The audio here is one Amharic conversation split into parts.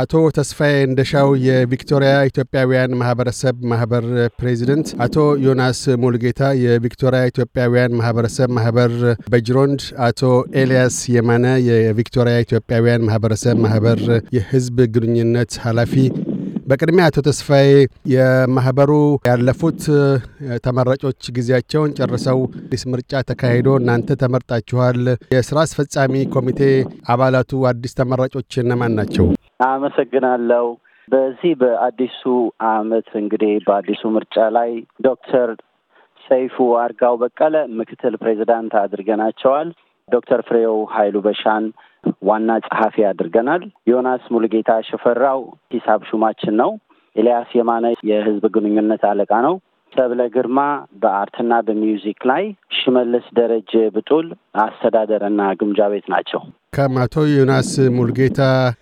አቶ ተስፋዬ እንደሻው የቪክቶሪያ ኢትዮጵያውያን ማህበረሰብ ማህበር ፕሬዚደንት፣ አቶ ዮናስ ሙልጌታ የቪክቶሪያ ኢትዮጵያውያን ማህበረሰብ ማህበር በጅሮንድ፣ አቶ ኤልያስ የማነ የቪክቶሪያ ኢትዮጵያውያን ማህበረሰብ ማህበር የህዝብ ግንኙነት ኃላፊ። በቅድሚያ አቶ ተስፋዬ የማህበሩ ያለፉት ተመራጮች ጊዜያቸውን ጨርሰው አዲስ ምርጫ ተካሂዶ እናንተ ተመርጣችኋል። የስራ አስፈጻሚ ኮሚቴ አባላቱ አዲስ ተመራጮች እነማን ናቸው? አመሰግናለሁ። በዚህ በአዲሱ አመት እንግዲህ በአዲሱ ምርጫ ላይ ዶክተር ሰይፉ አርጋው በቀለ ምክትል ፕሬዚዳንት አድርገናቸዋል። ዶክተር ፍሬው ኃይሉ በሻን ዋና ጸሐፊ አድርገናል። ዮናስ ሙሉጌታ ሽፈራው ሂሳብ ሹማችን ነው። ኤልያስ የማነ የህዝብ ግንኙነት አለቃ ነው። ሰብለ ግርማ በአርትና በሚውዚክ ላይ፣ ሽመልስ ደረጀ ብጡል አስተዳደርና ግምጃ ቤት ናቸው። ከአቶ ዮናስ ሙልጌታ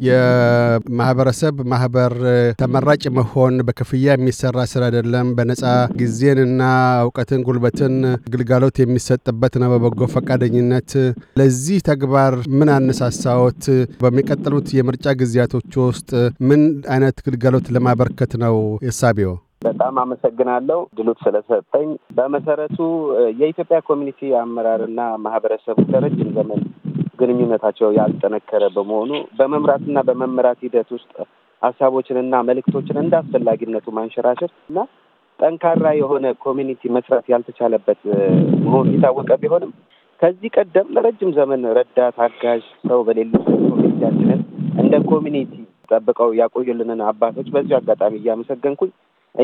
የማህበረሰብ ማህበር ተመራጭ መሆን በክፍያ የሚሰራ ስራ አይደለም። በነፃ ጊዜንና እውቀትን፣ ጉልበትን፣ ግልጋሎት የሚሰጥበት ነው በበጎ ፈቃደኝነት። ለዚህ ተግባር ምን አነሳሳዎት? በሚቀጥሉት የምርጫ ጊዜያቶች ውስጥ ምን አይነት ግልጋሎት ለማበርከት ነው እሳቤው? በጣም አመሰግናለሁ ድሉት ስለሰጠኝ። በመሰረቱ የኢትዮጵያ ኮሚኒቲ አመራርና ማህበረሰቡ ለረጅም ዘመን ግንኙነታቸው ያልጠነከረ በመሆኑ በመምራትና በመመራት ሂደት ውስጥ ሀሳቦችንና መልእክቶችን እንደ አስፈላጊነቱ ማንሸራሸር እና ጠንካራ የሆነ ኮሚኒቲ መስራት ያልተቻለበት መሆኑ የታወቀ ቢሆንም ከዚህ ቀደም ለረጅም ዘመን ረዳት አጋዥ ሰው በሌለበት ኮሚኒቲያችንን እንደ ኮሚኒቲ ጠብቀው ያቆዩልንን አባቶች በዚሁ አጋጣሚ እያመሰገንኩኝ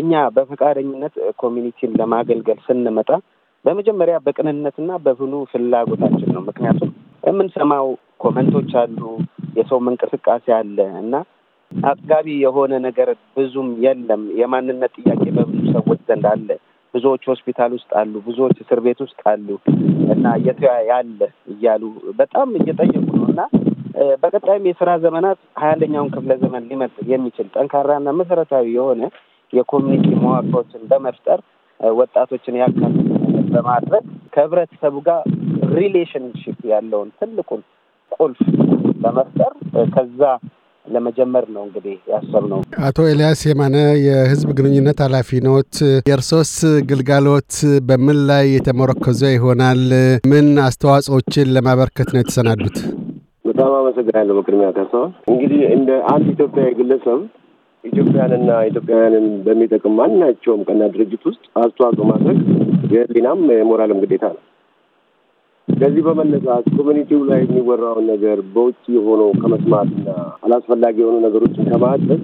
እኛ በፈቃደኝነት ኮሚኒቲን ለማገልገል ስንመጣ በመጀመሪያ በቅንነትና በብሉ ፍላጎታችን ነው። ምክንያቱም የምንሰማው ኮመንቶች አሉ፣ የሰውም እንቅስቃሴ አለ እና አጥጋቢ የሆነ ነገር ብዙም የለም። የማንነት ጥያቄ በብዙ ሰዎች ዘንድ አለ። ብዙዎች ሆስፒታል ውስጥ አሉ፣ ብዙዎች እስር ቤት ውስጥ አሉ እና የተያ ያለ እያሉ በጣም እየጠየቁ ነው እና በቀጣይም የስራ ዘመናት ሀያ አንደኛውን ክፍለ ዘመን ሊመጥ የሚችል ጠንካራና መሰረታዊ የሆነ የኮሚኒቲ መዋቅሮችን በመፍጠር ወጣቶችን ያካል በማድረግ ከህብረተሰቡ ጋር ሪሌሽንሽፕ ያለውን ትልቁን ቁልፍ በመፍጠር ከዛ ለመጀመር ነው እንግዲህ ነው። አቶ ኤልያስ የማነ የህዝብ ግንኙነት ኃላፊ ኖት። የእርሶስ ግልጋሎት በምን ላይ የተመረከዘ ይሆናል? ምን አስተዋጽኦችን ለማበርከት ነው የተሰናዱት? በጣም አመሰግናለሁ። በቅድሚያ ካሳሁን እንግዲህ እንደ አንድ ኢትዮጵያዊ ግለሰብ ኢትዮጵያንና ኢትዮጵያውያንን በሚጠቅም ማናቸውም ቀና ድርጅት ውስጥ አስተዋጽኦ ማድረግ የህሊናም የሞራልም ግዴታ ነው። ከዚህ በመነሳት ኮሚኒቲው ላይ የሚወራውን ነገር በውጭ የሆነው ከመስማትና አላስፈላጊ የሆኑ ነገሮችን ከማድረግ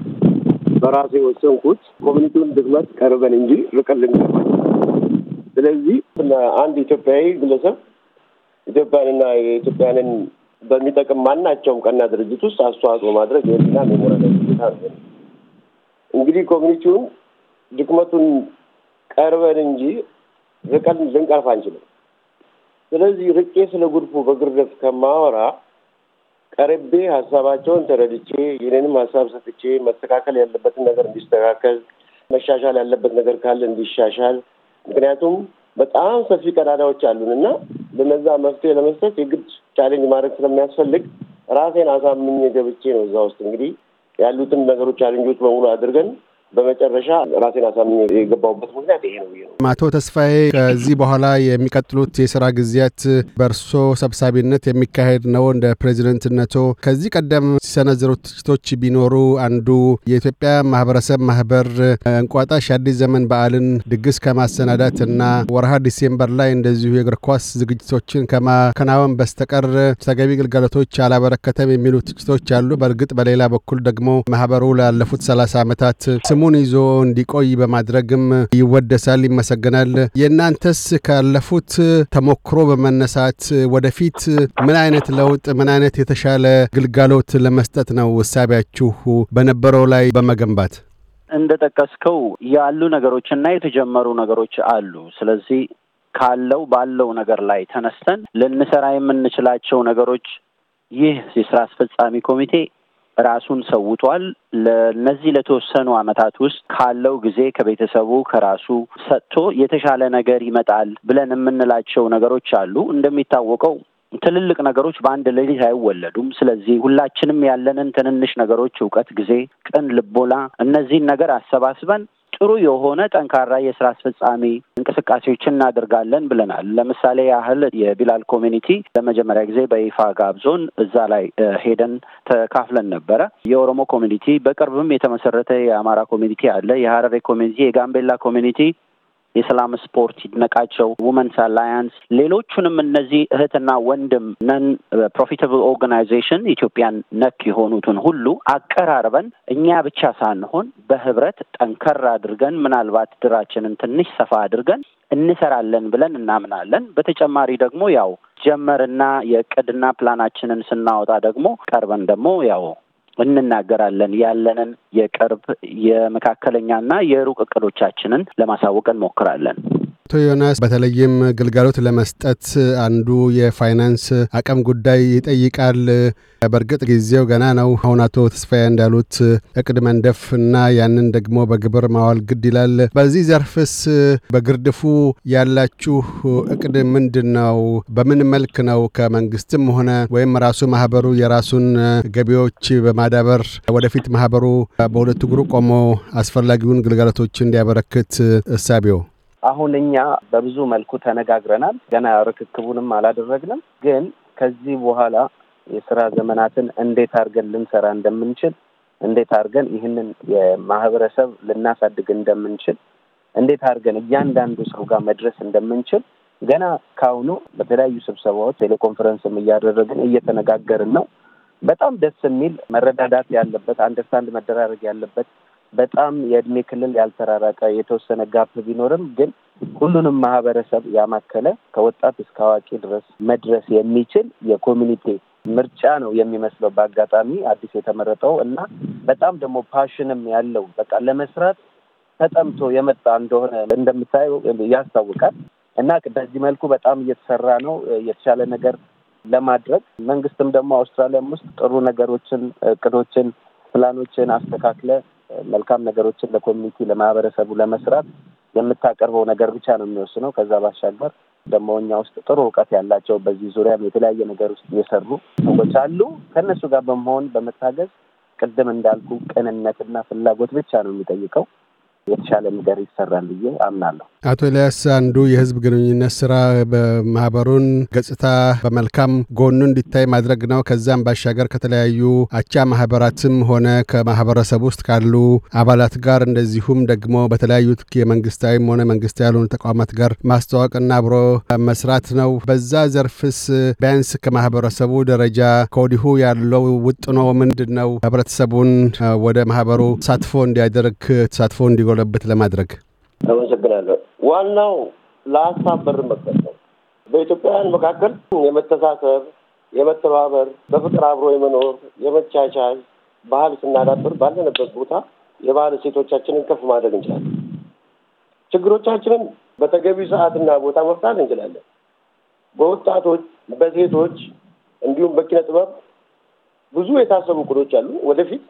በራሴ የወሰንኩት ኮሚኒቲውን ድክመት ቀርበን እንጂ ርቀን ልንገባ። ስለዚህ አንድ ኢትዮጵያዊ ግለሰብ ኢትዮጵያንና የኢትዮጵያንን በሚጠቅም ማናቸውም ቀና ድርጅት ውስጥ አስተዋጽኦ ማድረግ የህሊናም የሞራል ግዴታ ነው። እንግዲህ ኮሚኒቲውን ድክመቱን ቀርበን እንጂ ርቀን ልንቀርፍ አንችልም። ስለዚህ ርቄ ስለ ጉድፉ በግርደት ከማወራ ቀርቤ ሀሳባቸውን ተረድቼ የኔንም ሀሳብ ሰጥቼ መስተካከል ያለበትን ነገር እንዲስተካከል፣ መሻሻል ያለበት ነገር ካለ እንዲሻሻል ምክንያቱም በጣም ሰፊ ቀዳዳዎች አሉን እና ለነዛ መፍትሄ ለመስጠት የግድ ቻሌንጅ ማድረግ ስለሚያስፈልግ ራሴን አሳምኜ ገብቼ ነው እዛ ውስጥ እንግዲህ ያሉትን ነገሮች ቻሌንጆች በሙሉ አድርገን በመጨረሻ ራሴ አሳምኜ የገባሁበት ምክንያት ይሄ ነው ነው። አቶ ተስፋዬ ከዚህ በኋላ የሚቀጥሉት የስራ ጊዜያት በእርሶ ሰብሳቢነት የሚካሄድ ነው። እንደ ፕሬዚደንትነቶ ከዚህ ቀደም ሲሰነዘሩት ትችቶች ቢኖሩ አንዱ የኢትዮጵያ ማህበረሰብ ማህበር እንቋጣሽ አዲስ ዘመን በዓልን ድግስ ከማሰናዳት እና ወርሃ ዲሴምበር ላይ እንደዚሁ የእግር ኳስ ዝግጅቶችን ከማከናወን በስተቀር ተገቢ ግልጋሎቶች አላበረከተም የሚሉ ትችቶች አሉ። በእርግጥ በሌላ በኩል ደግሞ ማህበሩ ላለፉት ሰላሳ ዓመታት ስሙ ሰላሙን ይዞ እንዲቆይ በማድረግም ይወደሳል፣ ይመሰገናል። የእናንተስ ካለፉት ተሞክሮ በመነሳት ወደፊት ምን አይነት ለውጥ፣ ምን አይነት የተሻለ ግልጋሎት ለመስጠት ነው እሳቢያችሁ በነበረው ላይ በመገንባት? እንደ ጠቀስከው ያሉ ነገሮች እና የተጀመሩ ነገሮች አሉ። ስለዚህ ካለው ባለው ነገር ላይ ተነስተን ልንሰራ የምንችላቸው ነገሮች ይህ የስራ አስፈጻሚ ኮሚቴ ራሱን ሰውቷል። ለነዚህ ለተወሰኑ አመታት ውስጥ ካለው ጊዜ ከቤተሰቡ ከራሱ ሰጥቶ የተሻለ ነገር ይመጣል ብለን የምንላቸው ነገሮች አሉ። እንደሚታወቀው ትልልቅ ነገሮች በአንድ ሌሊት አይወለዱም። ስለዚህ ሁላችንም ያለንን ትንንሽ ነገሮች እውቀት፣ ጊዜ፣ ቅን ልቦና እነዚህን ነገር አሰባስበን ጥሩ የሆነ ጠንካራ የስራ አስፈጻሚ እንቅስቃሴዎችን እናደርጋለን ብለናል። ለምሳሌ ያህል የቢላል ኮሚኒቲ ለመጀመሪያ ጊዜ በይፋ ጋብዞን እዛ ላይ ሄደን ተካፍለን ነበረ። የኦሮሞ ኮሚኒቲ በቅርብም የተመሰረተ የአማራ ኮሚኒቲ አለ። የሀረሬ ኮሚኒቲ፣ የጋምቤላ ኮሚኒቲ የሰላም ስፖርት ይድነቃቸው፣ ውመንስ አላያንስ፣ ሌሎቹንም እነዚህ እህትና ወንድም ነን ፕሮፊታብል ኦርጋናይዜሽን ኢትዮጵያን ነክ የሆኑትን ሁሉ አቀራርበን እኛ ብቻ ሳንሆን በህብረት ጠንከር አድርገን ምናልባት ድራችንን ትንሽ ሰፋ አድርገን እንሰራለን ብለን እናምናለን። በተጨማሪ ደግሞ ያው ጀመርና የእቅድና ፕላናችንን ስናወጣ ደግሞ ቀርበን ደግሞ ያው እንናገራለን። ያለንን የቅርብ የመካከለኛና የሩቅ እቅዶቻችንን ለማሳወቅ እንሞክራለን። አቶ ዮናስ፣ በተለይም ግልጋሎት ለመስጠት አንዱ የፋይናንስ አቅም ጉዳይ ይጠይቃል። በእርግጥ ጊዜው ገና ነው። አሁን አቶ ተስፋዬ እንዳሉት እቅድ መንደፍ እና ያንን ደግሞ በግብር ማዋል ግድ ይላል። በዚህ ዘርፍስ በግርድፉ ያላችሁ እቅድ ምንድን ነው? በምን መልክ ነው ከመንግስትም ሆነ ወይም ራሱ ማህበሩ የራሱን ገቢዎች በማዳበር ወደፊት ማህበሩ በሁለት እግሩ ቆሞ አስፈላጊውን ግልጋሎቶች እንዲያበረክት እሳቢው አሁን እኛ በብዙ መልኩ ተነጋግረናል። ገና ርክክቡንም አላደረግንም፣ ግን ከዚህ በኋላ የስራ ዘመናትን እንዴት አድርገን ልንሰራ እንደምንችል፣ እንዴት አድርገን ይህንን የማህበረሰብ ልናሳድግ እንደምንችል፣ እንዴት አድርገን እያንዳንዱ ሰው ጋር መድረስ እንደምንችል ገና ካሁኑ በተለያዩ ስብሰባዎች ቴሌኮንፈረንስም እያደረግን እየተነጋገርን ነው። በጣም ደስ የሚል መረዳዳት ያለበት አንደርስታንድ መደራረግ ያለበት በጣም የእድሜ ክልል ያልተራራቀ የተወሰነ ጋፕ ቢኖርም ግን ሁሉንም ማህበረሰብ ያማከለ ከወጣት እስከ አዋቂ ድረስ መድረስ የሚችል የኮሚኒቲ ምርጫ ነው የሚመስለው። በአጋጣሚ አዲስ የተመረጠው እና በጣም ደግሞ ፓሽንም ያለው በቃ ለመስራት ተጠምቶ የመጣ እንደሆነ እንደምታየው ያስታውቃል። እና በዚህ መልኩ በጣም እየተሰራ ነው የተሻለ ነገር ለማድረግ መንግስትም ደግሞ አውስትራሊያም ውስጥ ጥሩ ነገሮችን፣ እቅዶችን፣ ፕላኖችን አስተካክለ መልካም ነገሮችን ለኮሚኒቲ ለማህበረሰቡ ለመስራት የምታቀርበው ነገር ብቻ ነው የሚወስነው። ከዛ ባሻገር ደግሞ እኛ ውስጥ ጥሩ እውቀት ያላቸው በዚህ ዙሪያም የተለያየ ነገር ውስጥ እየሰሩ ሰዎች አሉ። ከእነሱ ጋር በመሆን በመታገዝ ቅድም እንዳልኩ ቅንነትና ፍላጎት ብቻ ነው የሚጠይቀው። የተሻለ ነገር ይሰራል ብዬ አምናለሁ። አቶ ኤልያስ አንዱ የህዝብ ግንኙነት ስራ በማህበሩን ገጽታ በመልካም ጎኑ እንዲታይ ማድረግ ነው። ከዛም ባሻገር ከተለያዩ አቻ ማህበራትም ሆነ ከማህበረሰብ ውስጥ ካሉ አባላት ጋር እንደዚሁም ደግሞ በተለያዩ የመንግስታዊም ሆነ መንግስታዊ ያልሆኑ ተቋማት ጋር ማስተዋወቅና አብሮ መስራት ነው። በዛ ዘርፍስ ቢያንስ ከማህበረሰቡ ደረጃ ከወዲሁ ያለው ውጥኖ ምንድን ነው? ህብረተሰቡን ወደ ማህበሩ ተሳትፎ እንዲያደርግ ተሳትፎ እንዲ እንዲጎለበት ለማድረግ? አመሰግናለሁ። ዋናው ለሀሳብ በር መክፈት ነው። በኢትዮጵያውያን መካከል የመተሳሰብ የመተባበር፣ በፍቅር አብሮ የመኖር የመቻቻል ባህል ስናዳብር ባለንበት ቦታ የባህል እሴቶቻችንን ከፍ ማድረግ እንችላለን። ችግሮቻችንን በተገቢው ሰዓትና ቦታ መፍታት እንችላለን። በወጣቶች፣ በሴቶች እንዲሁም በኪነ ጥበብ ብዙ የታሰቡ እቅዶች አሉ። ወደፊት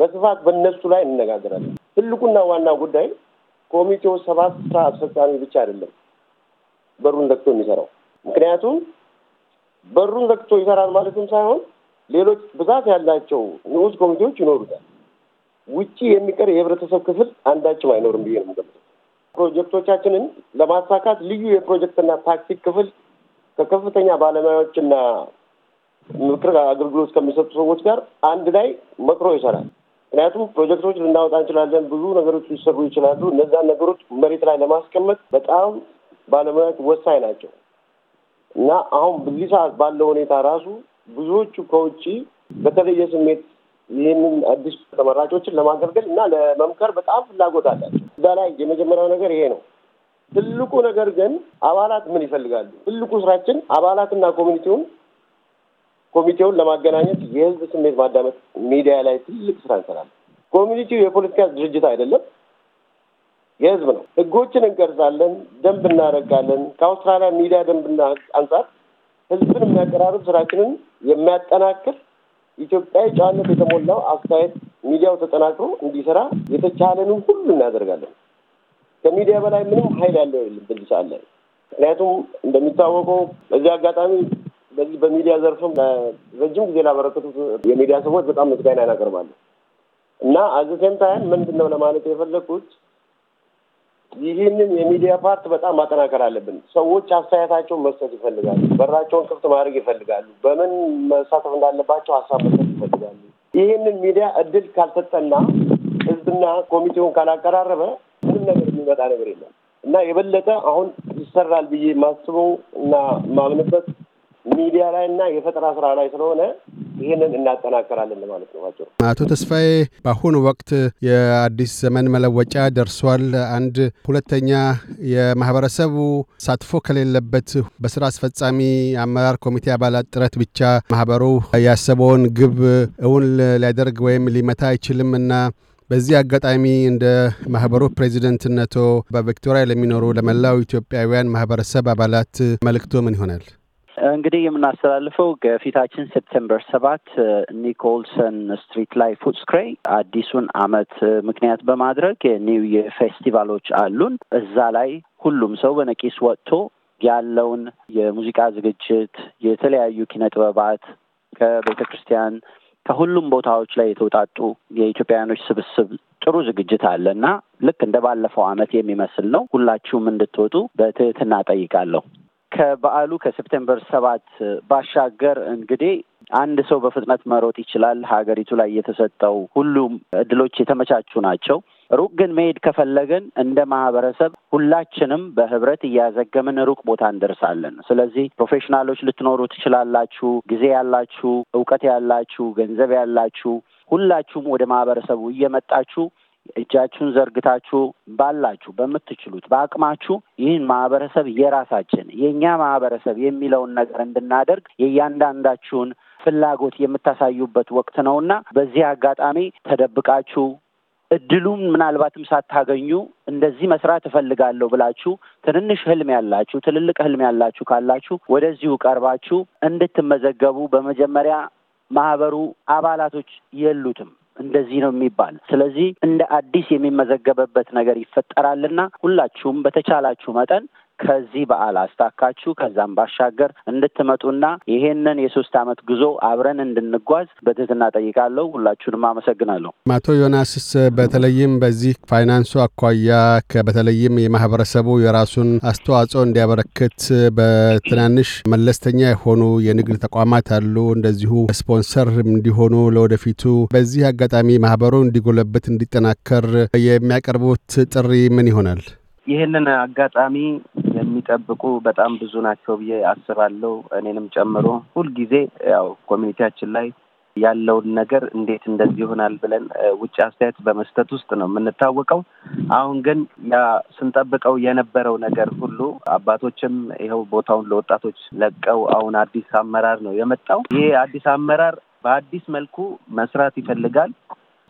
በስፋት በእነሱ ላይ እንነጋገራለን። ትልቁና ዋና ጉዳይ ኮሚቴው ሰባት ስራ አስፈጻሚ ብቻ አይደለም በሩን ዘግቶ የሚሰራው። ምክንያቱም በሩን ዘግቶ ይሰራል ማለትም ሳይሆን ሌሎች ብዛት ያላቸው ንዑስ ኮሚቴዎች ይኖሩታል። ውጪ የሚቀር የህብረተሰብ ክፍል አንዳችም አይኖርም ብዬ ነው የምገምተው። ፕሮጀክቶቻችንን ለማሳካት ልዩ የፕሮጀክትና ታክቲክ ክፍል ከከፍተኛ ባለሙያዎችና ምክር አገልግሎት ከሚሰጡ ሰዎች ጋር አንድ ላይ መክሮ ይሰራል። ምክንያቱም ፕሮጀክቶች ልናወጣ እንችላለን፣ ብዙ ነገሮች ሊሰሩ ይችላሉ። እነዛን ነገሮች መሬት ላይ ለማስቀመጥ በጣም ባለሙያዎች ወሳኝ ናቸው እና አሁን በዚህ ሰዓት ባለው ሁኔታ ራሱ ብዙዎቹ ከውጭ በተለየ ስሜት ይህንን አዲስ ተመራጮችን ለማገልገል እና ለመምከር በጣም ፍላጎት አላቸው። እዛ ላይ የመጀመሪያው ነገር ይሄ ነው። ትልቁ ነገር ግን አባላት ምን ይፈልጋሉ? ትልቁ ስራችን አባላትና ኮሚኒቲውን ኮሚቴውን ለማገናኘት የህዝብ ስሜት ማዳመጥ ሚዲያ ላይ ትልቅ ስራ እንሰራለን። ኮሚኒቲው የፖለቲካ ድርጅት አይደለም፣ የህዝብ ነው። ህጎችን እንቀርጻለን፣ ደንብ እናደርጋለን። ከአውስትራሊያ ሚዲያ ደንብ ህግ አንጻር ህዝብን የሚያቀራርብ ስራችንን የሚያጠናክር ኢትዮጵያዊ ጨዋነት የተሞላው አስተያየት ሚዲያው ተጠናክሮ እንዲሰራ የተቻለንን ሁሉ እናደርጋለን። ከሚዲያ በላይ ምንም ኃይል ያለው የለም በዚህ ሰዓት ላይ። ምክንያቱም እንደሚታወቀው በዚህ አጋጣሚ ስለዚህ በሚዲያ ዘርፍም ረጅም ጊዜ ላበረከቱት የሚዲያ ሰዎች በጣም ምስጋና እናቀርባለን እና አዘሴም ታይም ምንድን ነው ለማለት የፈለግኩት ይህንን የሚዲያ ፓርት በጣም ማጠናከር አለብን። ሰዎች አስተያየታቸውን መስጠት ይፈልጋሉ። በራቸውን ክፍት ማድረግ ይፈልጋሉ። በምን መሳተፍ እንዳለባቸው ሀሳብ መስጠት ይፈልጋሉ። ይህንን ሚዲያ እድል ካልሰጠና ህዝብና ኮሚቴውን ካላቀራረበ ምንም ነገር የሚመጣ ነገር የለም እና የበለጠ አሁን ይሰራል ብዬ ማስበው እና ማምንበት ሚዲያ ላይ እና የፈጠራ ስራ ላይ ስለሆነ ይህንን እናጠናከራለን ማለት ነው። ባጭሩ አቶ ተስፋዬ፣ በአሁኑ ወቅት የአዲስ ዘመን መለወጫ ደርሷል። አንድ ሁለተኛ የማህበረሰቡ ሳትፎ ከሌለበት በስራ አስፈጻሚ አመራር ኮሚቴ አባላት ጥረት ብቻ ማህበሩ ያሰበውን ግብ እውን ሊያደርግ ወይም ሊመታ አይችልም እና በዚህ አጋጣሚ እንደ ማህበሩ ፕሬዚደንትነቶ በቪክቶሪያ ለሚኖሩ ለመላው ኢትዮጵያውያን ማህበረሰብ አባላት መልእክቶ ምን ይሆናል? እንግዲህ የምናስተላልፈው ከፊታችን ሴፕቴምበር ሰባት ኒኮልሰን ስትሪት ላይ ፉትስክሬ አዲሱን አመት ምክንያት በማድረግ የኒው ይር ፌስቲቫሎች አሉን። እዛ ላይ ሁሉም ሰው በነቂስ ወጥቶ ያለውን የሙዚቃ ዝግጅት፣ የተለያዩ ኪነ ጥበባት ከቤተ ክርስቲያን ከሁሉም ቦታዎች ላይ የተውጣጡ የኢትዮጵያውያኖች ስብስብ ጥሩ ዝግጅት አለ እና ልክ እንደ ባለፈው አመት የሚመስል ነው። ሁላችሁም እንድትወጡ በትህትና ጠይቃለሁ። ከበዓሉ ከሴፕቴምበር ሰባት ባሻገር እንግዲህ አንድ ሰው በፍጥነት መሮጥ ይችላል። ሀገሪቱ ላይ የተሰጠው ሁሉም እድሎች የተመቻቹ ናቸው። ሩቅ ግን መሄድ ከፈለግን እንደ ማህበረሰብ ሁላችንም በህብረት እያዘገምን ሩቅ ቦታ እንደርሳለን። ስለዚህ ፕሮፌሽናሎች ልትኖሩ ትችላላችሁ። ጊዜ ያላችሁ፣ እውቀት ያላችሁ፣ ገንዘብ ያላችሁ ሁላችሁም ወደ ማህበረሰቡ እየመጣችሁ እጃችሁን ዘርግታችሁ ባላችሁ በምትችሉት በአቅማችሁ ይህን ማህበረሰብ የራሳችን የእኛ ማህበረሰብ የሚለውን ነገር እንድናደርግ የእያንዳንዳችሁን ፍላጎት የምታሳዩበት ወቅት ነውና በዚህ አጋጣሚ ተደብቃችሁ እድሉም ምናልባትም ሳታገኙ እንደዚህ መስራት እፈልጋለሁ ብላችሁ ትንንሽ ህልም ያላችሁ ትልልቅ ህልም ያላችሁ ካላችሁ ወደዚሁ ቀርባችሁ እንድትመዘገቡ በመጀመሪያ ማህበሩ አባላቶች የሉትም። እንደዚህ ነው የሚባል። ስለዚህ እንደ አዲስ የሚመዘገበበት ነገር ይፈጠራልና ሁላችሁም በተቻላችሁ መጠን ከዚህ በዓል አስታካችሁ ከዛም ባሻገር እንድትመጡና ይሄንን የሶስት አመት ጉዞ አብረን እንድንጓዝ በትህትና ጠይቃለሁ። ሁላችሁንም አመሰግናለሁ። አቶ ዮናስስ በተለይም በዚህ ፋይናንሱ አኳያ በተለይም የማህበረሰቡ የራሱን አስተዋጽኦ እንዲያበረክት በትናንሽ መለስተኛ የሆኑ የንግድ ተቋማት አሉ፣ እንደዚሁ ስፖንሰር እንዲሆኑ ለወደፊቱ በዚህ አጋጣሚ ማህበሩ እንዲጎለበት እንዲጠናከር የሚያቀርቡት ጥሪ ምን ይሆናል? ይህንን አጋጣሚ የሚጠብቁ በጣም ብዙ ናቸው ብዬ አስባለሁ። እኔንም ጨምሮ ሁልጊዜ ያው ኮሚኒቲያችን ላይ ያለውን ነገር እንዴት እንደዚህ ይሆናል ብለን ውጭ አስተያየት በመስጠት ውስጥ ነው የምንታወቀው። አሁን ግን ያ ስንጠብቀው የነበረው ነገር ሁሉ አባቶችም ይኸው ቦታውን ለወጣቶች ለቀው አሁን አዲስ አመራር ነው የመጣው። ይሄ አዲስ አመራር በአዲስ መልኩ መስራት ይፈልጋል።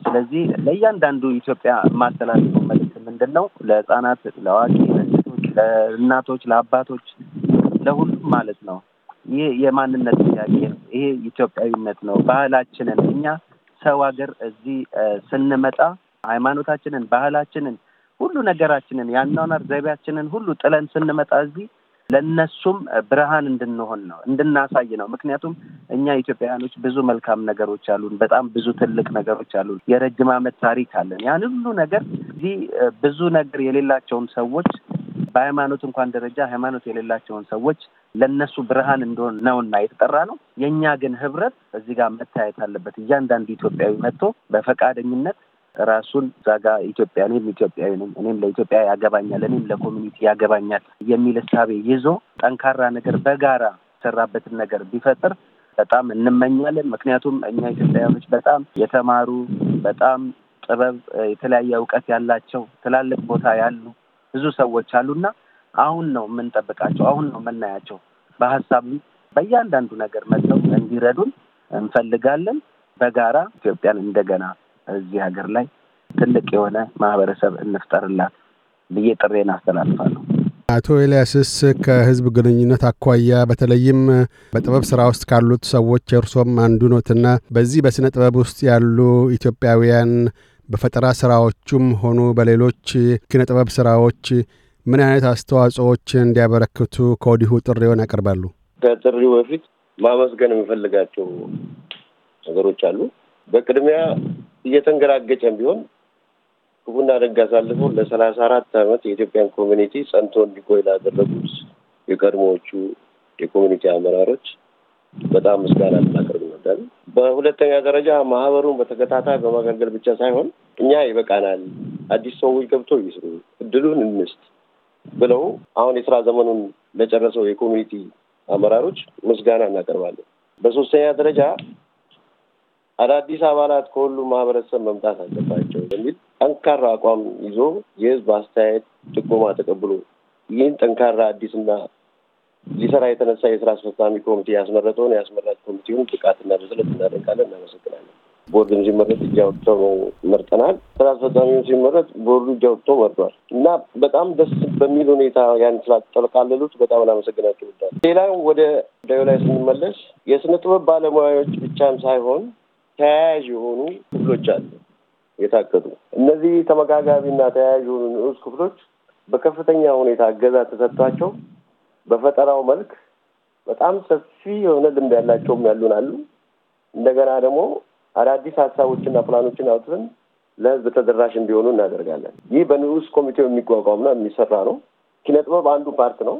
ስለዚህ ለእያንዳንዱ ኢትዮጵያ ማስተላለፉ መልዕክት ምንድን ነው? ለሕጻናት ለአዋቂ ለእናቶች፣ ለአባቶች፣ ለሁሉም ማለት ነው። ይህ የማንነት ጥያቄ ነው። ይሄ ኢትዮጵያዊነት ነው፣ ባህላችንን እኛ ሰው ሀገር እዚህ ስንመጣ ሃይማኖታችንን፣ ባህላችንን፣ ሁሉ ነገራችንን የአኗኗር ዘይቤያችንን ሁሉ ጥለን ስንመጣ እዚህ ለእነሱም ብርሃን እንድንሆን ነው እንድናሳይ ነው። ምክንያቱም እኛ ኢትዮጵያውያኖች ብዙ መልካም ነገሮች አሉን። በጣም ብዙ ትልቅ ነገሮች አሉን። የረጅም ዓመት ታሪክ አለን። ያን ሁሉ ነገር እዚህ ብዙ ነገር የሌላቸውን ሰዎች በሃይማኖት እንኳን ደረጃ ሃይማኖት የሌላቸውን ሰዎች ለእነሱ ብርሃን እንደሆን ነውና የተጠራ ነው። የእኛ ግን ህብረት እዚህ ጋር መታየት አለበት። እያንዳንዱ ኢትዮጵያዊ መጥቶ በፈቃደኝነት ራሱን እዛ ጋ ኢትዮጵያ እኔም ኢትዮጵያዊ ነኝ፣ እኔም ለኢትዮጵያ ያገባኛል፣ እኔም ለኮሚኒቲ ያገባኛል የሚል እሳቤ ይዞ ጠንካራ ነገር በጋራ ሰራበትን ነገር ቢፈጥር በጣም እንመኛለን። ምክንያቱም እኛ ኢትዮጵያውያኖች በጣም የተማሩ በጣም ጥበብ የተለያየ እውቀት ያላቸው ትላልቅ ቦታ ያሉ ብዙ ሰዎች አሉና አሁን ነው የምንጠብቃቸው፣ አሁን ነው የምናያቸው። በሀሳብ በእያንዳንዱ ነገር መጥተው እንዲረዱን እንፈልጋለን። በጋራ ኢትዮጵያን እንደገና እዚህ ሀገር ላይ ትልቅ የሆነ ማህበረሰብ እንፍጠርላት ብዬ ጥሬን አስተላልፋለሁ። አቶ ኤልያስስ ከህዝብ ግንኙነት አኳያ በተለይም በጥበብ ስራ ውስጥ ካሉት ሰዎች እርሶም አንዱ ኖትና በዚህ በሥነ ጥበብ ውስጥ ያሉ ኢትዮጵያውያን በፈጠራ ሥራዎቹም ሆኑ በሌሎች ኪነጥበብ ሥራዎች ምን አይነት አስተዋጽኦዎች እንዲያበረክቱ ከወዲሁ ጥሪውን ያቀርባሉ? ከጥሪው በፊት ማመስገን የምፈልጋቸው ነገሮች አሉ። በቅድሚያ እየተንገራገጨም ቢሆን ክፉና ደግ አሳልፎ ለሰላሳ አራት ዓመት የኢትዮጵያን ኮሚኒቲ ጸንቶ እንዲቆይ ላደረጉት የቀድሞዎቹ የኮሚኒቲ አመራሮች በጣም ምስጋና ልናቀርብ እንወዳለን። በሁለተኛ ደረጃ ማህበሩን በተከታታይ በማገልገል ብቻ ሳይሆን እኛ ይበቃናል፣ አዲስ ሰዎች ገብቶ ይስሩ፣ እድሉን እንስጥ ብለው አሁን የስራ ዘመኑን ለጨረሰው የኮሚኒቲ አመራሮች ምስጋና እናቀርባለን። በሶስተኛ ደረጃ አዳዲስ አባላት ከሁሉም ማህበረሰብ መምጣት አለባቸው በሚል ጠንካራ አቋም ይዞ የህዝብ አስተያየት ጥቆማ ተቀብሎ ይህን ጠንካራ አዲስና ሊሰራ የተነሳ የስራ አስፈጻሚ ኮሚቴ ያስመረጠውን የአስመራጭ ኮሚቴውን ብቃትና ብስለት እናደንቃለን፣ እናመሰግናለን። ቦርድም ሲመረጥ እጅ አውጥተው ነው መርጠናል። ስራ አስፈጻሚው ሲመረጥ ቦርዱ እጅ አውጥቶ መርጧል እና በጣም ደስ በሚል ሁኔታ ያን ስላጠቃለሉት በጣም እናመሰግናቸው ወዳል። ሌላው ወደ ጉዳዩ ላይ ስንመለስ የስነ ጥበብ ባለሙያዎች ብቻም ሳይሆን ተያያዥ የሆኑ ክፍሎች አሉ የታቀዱ። እነዚህ ተመጋጋቢና ተያያዥ የሆኑ ንዑስ ክፍሎች በከፍተኛ ሁኔታ እገዛ ተሰጥቷቸው በፈጠራው መልክ በጣም ሰፊ የሆነ ልምድ ያላቸውም ያሉን አሉ። እንደገና ደግሞ አዳዲስ ሀሳቦችና ፕላኖችን አውጥተን ለህዝብ ተደራሽ እንዲሆኑ እናደርጋለን። ይህ በንዑስ ኮሚቴው ነው የሚሰራ ነው። ኪነጥበብ አንዱ ፓርት ነው።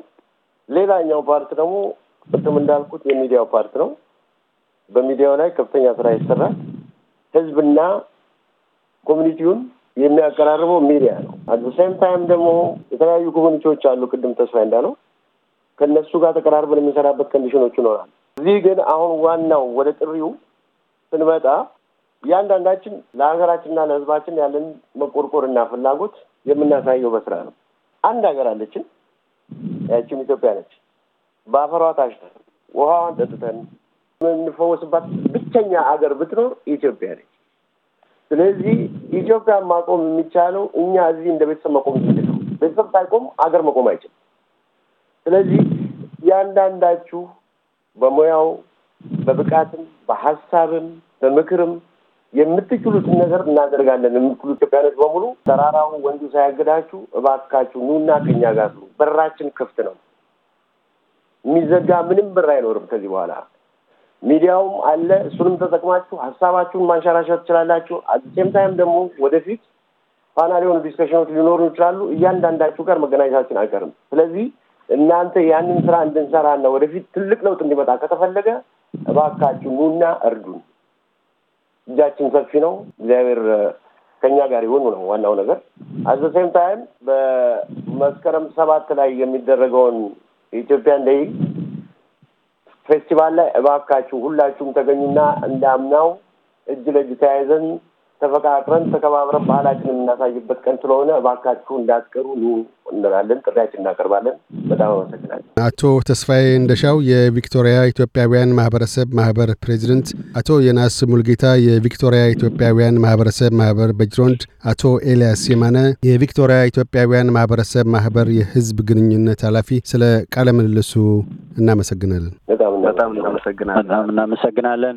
ሌላኛው ፓርት ደግሞ ቅድም እንዳልኩት የሚዲያው ፓርት ነው። በሚዲያው ላይ ከፍተኛ ስራ ይሰራል። ህዝብና ኮሚኒቲውን የሚያቀራርበው ሚዲያ ነው። አት ሴም ታይም ደግሞ የተለያዩ ኮሚኒቲዎች አሉ። ቅድም ተስፋ እንዳለው ከእነሱ ጋር ተቀራርበን የሚሰራበት ኮንዲሽኖች ይኖራል። እዚህ ግን አሁን ዋናው ወደ ጥሪው ስንመጣ እያንዳንዳችን ለሀገራችንና ለሕዝባችን ያለን መቆርቆርና ፍላጎት የምናሳየው በስራ ነው። አንድ ሀገር አለችን፣ ያችም ኢትዮጵያ ነች። በአፈሯ ታሽተን ውሃዋን ጠጥተን የምንፈወስባት ብቸኛ ሀገር ብትኖር ኢትዮጵያ ነች። ስለዚህ ኢትዮጵያ ማቆም የሚቻለው እኛ እዚህ እንደ ቤተሰብ መቆም ነው። ቤተሰብ ሳይቆም ሀገር መቆም አይችልም። ስለዚህ እያንዳንዳችሁ በሙያው በብቃትም በሀሳብም በምክርም የምትችሉትን ነገር እናደርጋለን የምትሉ ኢትዮጵያኖች በሙሉ ተራራው ወንዱ ሳያግዳችሁ እባካችሁ ኑና ከኛ ጋር በራችን ክፍት ነው። የሚዘጋ ምንም ብር አይኖርም። ከዚህ በኋላ ሚዲያውም አለ። እሱንም ተጠቅማችሁ ሀሳባችሁን ማንሸራሸር ትችላላችሁ። አዜም ታይም ደግሞ ወደፊት ፓናል የሆኑ ዲስከሽኖች ሊኖሩ ይችላሉ። እያንዳንዳችሁ ጋር መገናኘታችን አይቀርም። ስለዚህ እናንተ ያንን ስራ እንድንሰራና ወደፊት ትልቅ ለውጥ እንዲመጣ ከተፈለገ እባካችሁ ኑና እርዱን። እጃችን ሰፊ ነው። እግዚአብሔር ከኛ ጋር ይሆኑ ነው ዋናው ነገር። ሴም ታይም በመስከረም ሰባት ላይ የሚደረገውን የኢትዮጵያን ደይ ፌስቲቫል ላይ እባካችሁ ሁላችሁም ተገኙና እንዳምናው እጅ ለእጅ ተያይዘን ተፈቃቅረን ተከባብረን ባህላችን የምናሳይበት ቀን ስለሆነ እባካችሁ እንዳትቀሩ ኑ እንላለን፣ ጥሪያችን እናቀርባለን። በጣም አመሰግናለን። አቶ ተስፋዬ እንደሻው የቪክቶሪያ ኢትዮጵያውያን ማህበረሰብ ማህበር ፕሬዚደንት፣ አቶ የናስ ሙልጌታ የቪክቶሪያ ኢትዮጵያውያን ማህበረሰብ ማህበር በጅሮንድ፣ አቶ ኤልያስ የማነ የቪክቶሪያ ኢትዮጵያውያን ማህበረሰብ ማህበር የህዝብ ግንኙነት ኃላፊ፣ ስለ ቃለ ምልልሱ እናመሰግናለን። በጣም እናመሰግናለን። በጣም እናመሰግናለን።